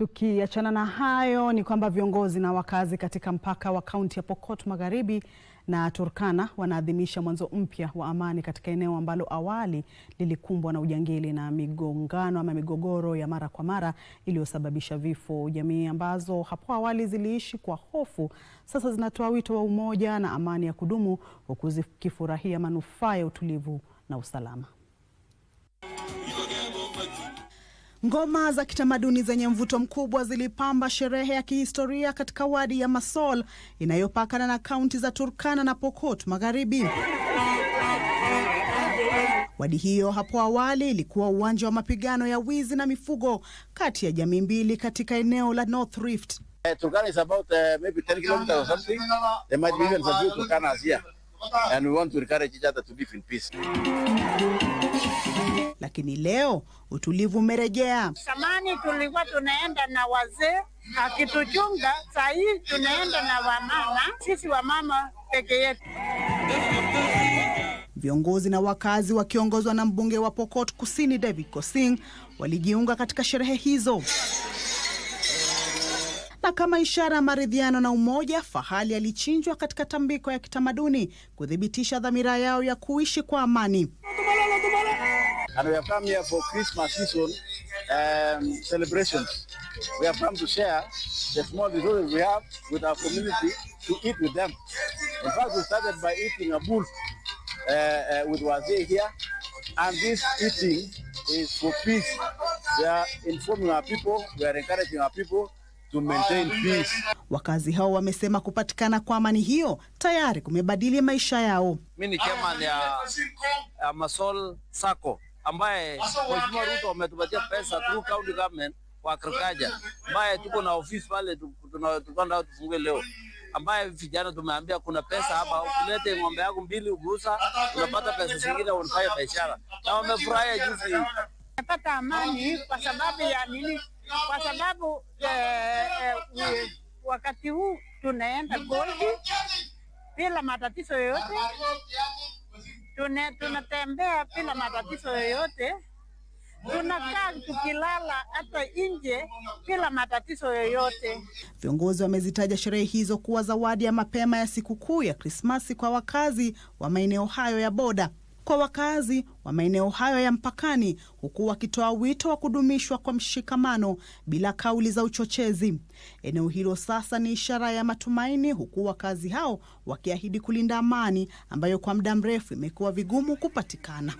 Tukiachana na hayo ni kwamba viongozi na wakazi katika mpaka wa kaunti ya Pokot Magharibi na Turkana wanaadhimisha mwanzo mpya wa amani katika eneo ambalo awali lilikumbwa na ujangili na migongano ama migogoro ya mara kwa mara iliyosababisha vifo. Jamii ambazo hapo awali ziliishi kwa hofu sasa zinatoa wito wa umoja na amani ya kudumu huku zikifurahia manufaa ya utulivu na usalama. Ngoma za kitamaduni zenye mvuto mkubwa zilipamba sherehe ya kihistoria katika wadi ya Masol inayopakana na kaunti za Turkana na Pokot Magharibi. Wadi hiyo hapo awali ilikuwa uwanja wa mapigano ya wizi na mifugo kati ya jamii mbili katika eneo la North Rift. Eh, lakini leo utulivu umerejea. Zamani tulikuwa tunaenda na wazee akituchunga, saa hii tunaenda na wamama, sisi wamama peke yetu. Viongozi na wakazi wakiongozwa na mbunge wa Pokot Kusini David Kosing walijiunga katika sherehe hizo na kama ishara ya maridhiano na umoja, fahali alichinjwa katika tambiko ya kitamaduni kuthibitisha dhamira yao ya kuishi kwa amani and we have come here for Christmas season um, celebrations. We have come to share the small resources we have with our community to eat with them. In fact, we started by eating a bull uh, uh, with wazee here, and this eating is for peace. We are informing our people, we are encouraging our people to maintain peace. Wakazi hao wamesema kupatikana kwa amani hiyo tayari kumebadili maisha yao. Mimi ni chairman ya Masol Sacco ambaye Mheshimiwa Ruto ametupatia pesa through county government kwa agriculture, ambaye tuko na ofisi pale au tufungue leo, ambaye vijana tumeambia kuna pesa hapa, ukilete ng'ombe yako mbili ugusa unapata pesa zingine unafanya biashara, na wamefurahia jinsi Napata amani kwa sababu ya nini? Kwa sababu eh, eh, eh, wakati huu tunaenda goldi bila matatizo yoyote Tuna, tunatembea bila matatizo yoyote, tunakaa tukilala hata nje bila matatizo yoyote. Viongozi wamezitaja sherehe hizo kuwa zawadi ya mapema ya sikukuu ya Krismasi kwa wakazi wa maeneo hayo ya boda kwa wakazi wa maeneo hayo ya mpakani, huku wakitoa wito wa kudumishwa kwa mshikamano bila kauli za uchochezi. Eneo hilo sasa ni ishara ya matumaini, huku wakazi hao wakiahidi kulinda amani ambayo kwa muda mrefu imekuwa vigumu kupatikana.